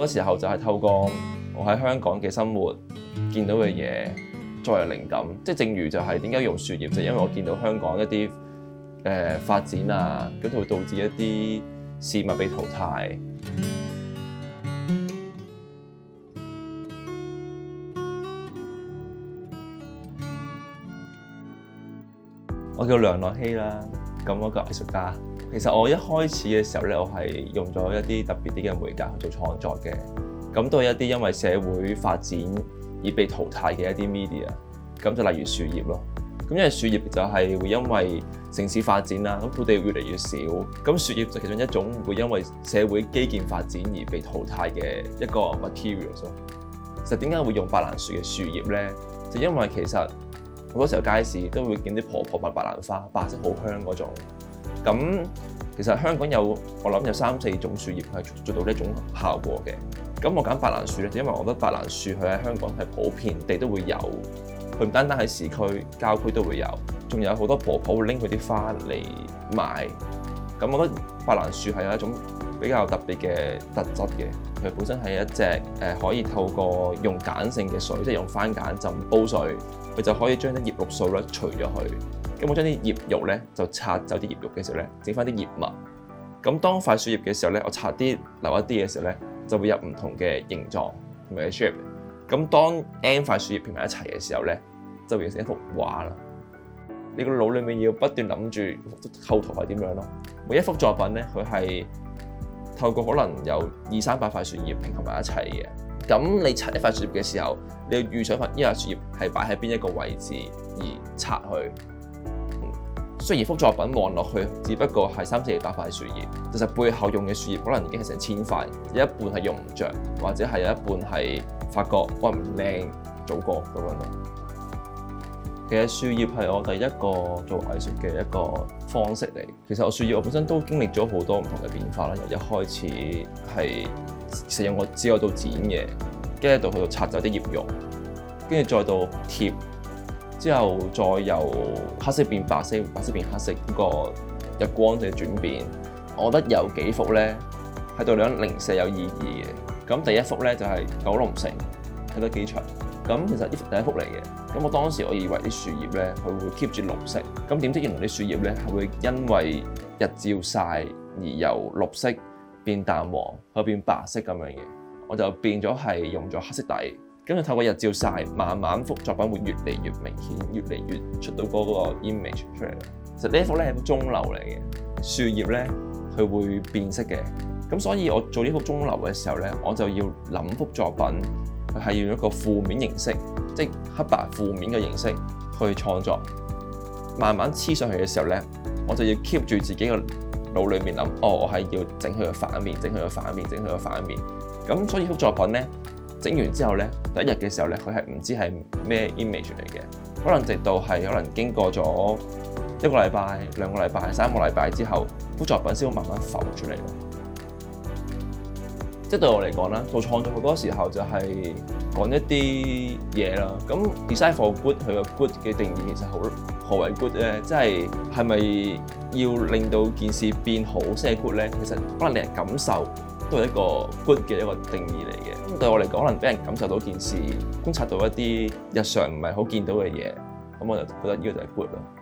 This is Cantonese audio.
嗰時候就係透過我喺香港嘅生活見到嘅嘢作為靈感，即係正如就係點解用樹葉，就係、因為我見到香港一啲誒、呃、發展啊，咁就會導致一啲事物被淘汰。 我叫梁樂希啦，咁、啊、一、那個藝術家。其實我一開始嘅時候咧，我係用咗一啲特別啲嘅媒介去做創作嘅，咁都係一啲因為社會發展而被淘汰嘅一啲 media，咁就例如樹葉咯。咁因為樹葉就係會因為城市發展啦，咁土地越嚟越少，咁樹葉就其中一種會因為社會基建發展而被淘汰嘅一個 materials 咯。其實點解會用白蘭樹嘅樹葉咧？就因為其實好多時候街市都會見啲婆婆賣白蘭花，白色好香嗰種。咁其實香港有我諗有三四種樹葉係做到呢一種效果嘅。咁我揀白蘭樹咧，就因為我覺得白蘭樹佢喺香港係普遍地都會有，佢唔單單喺市區、郊區都會有，仲有好多婆婆會拎佢啲花嚟賣。咁我覺得白蘭樹係有一種比較特別嘅特質嘅，佢本身係一隻誒可以透過用鹼性嘅水，即係用番鹼浸煲水，佢就可以將啲葉綠素咧除咗去。咁我將啲葉肉咧就拆走啲葉肉嘅時候咧，整翻啲葉脈。咁當塊樹葉嘅時候咧，我拆啲留一啲嘅時候咧，就會有唔同嘅形狀同埋嘅 shape。咁當 n 塊樹葉拼埋一齊嘅時候咧，就會變成一幅畫啦。你個腦裡面要不斷諗住幅構圖係點樣咯。每一幅作品咧，佢係透過可能有二三百塊樹葉拼合埋一齊嘅。咁你拆一塊樹葉嘅時候，你要預想塊呢塊樹葉係擺喺邊一個位置而拆去。雖然幅作品望落去，只不過係三四百塊樹葉，其實背後用嘅樹葉可能已經係成千塊，有一半係用唔着，或者係有一半係發覺哇唔靚，組過咁樣咯。其實樹葉係我第一個做藝術嘅一個方式嚟。其實我樹葉我本身都經歷咗好多唔同嘅變化啦。由一開始係成日我自己做剪嘅，跟住度去到拆走啲葉肉，跟住再到貼。之後再由黑色變白色，白色變黑色嗰、那個日光嘅轉變，我覺得有幾幅咧係對兩零四有意義嘅。咁第一幅咧就係、是、九龍城啟德機場。咁其實呢幅第一幅嚟嘅。咁我當時我以為啲樹葉咧佢會 keep 住綠色。咁點知原來啲樹葉咧係會因為日照曬而由綠色變淡黃，去變白色咁樣嘅。我就變咗係用咗黑色底。跟住透過日照曬，慢慢幅作品會越嚟越明顯，越嚟越出到嗰個 image 出嚟。其實呢一幅咧係幅鐘樓嚟嘅，樹葉咧佢會變色嘅。咁所以我做呢幅鐘樓嘅時候咧，我就要諗幅作品佢係用一個負面形式，即係黑白負面嘅形式去創作。慢慢黐上去嘅時候咧，我就要 keep 住自己嘅腦裏面諗，哦，我係要整佢個反面，整佢個反面，整佢個反面。咁所以幅作品咧。整完之後咧，第一日嘅時候咧，佢係唔知係咩 image 嚟嘅，可能直到係可能經過咗一個禮拜、兩個禮拜、三個禮拜之後，副作品先會慢慢浮出嚟。即係對我嚟講啦，做創作佢嗰個時候就係講一啲嘢啦。咁 design for good，佢個 good 嘅定義其實好何謂 good 咧？即係係咪要令到件事變好先係 good 咧？其實可能令人感受。都係一個 good 嘅一個定義嚟嘅。咁對我嚟講，可能俾人感受到件事，觀察到一啲日常唔係好見到嘅嘢，咁我就覺得呢個就係 good 囉。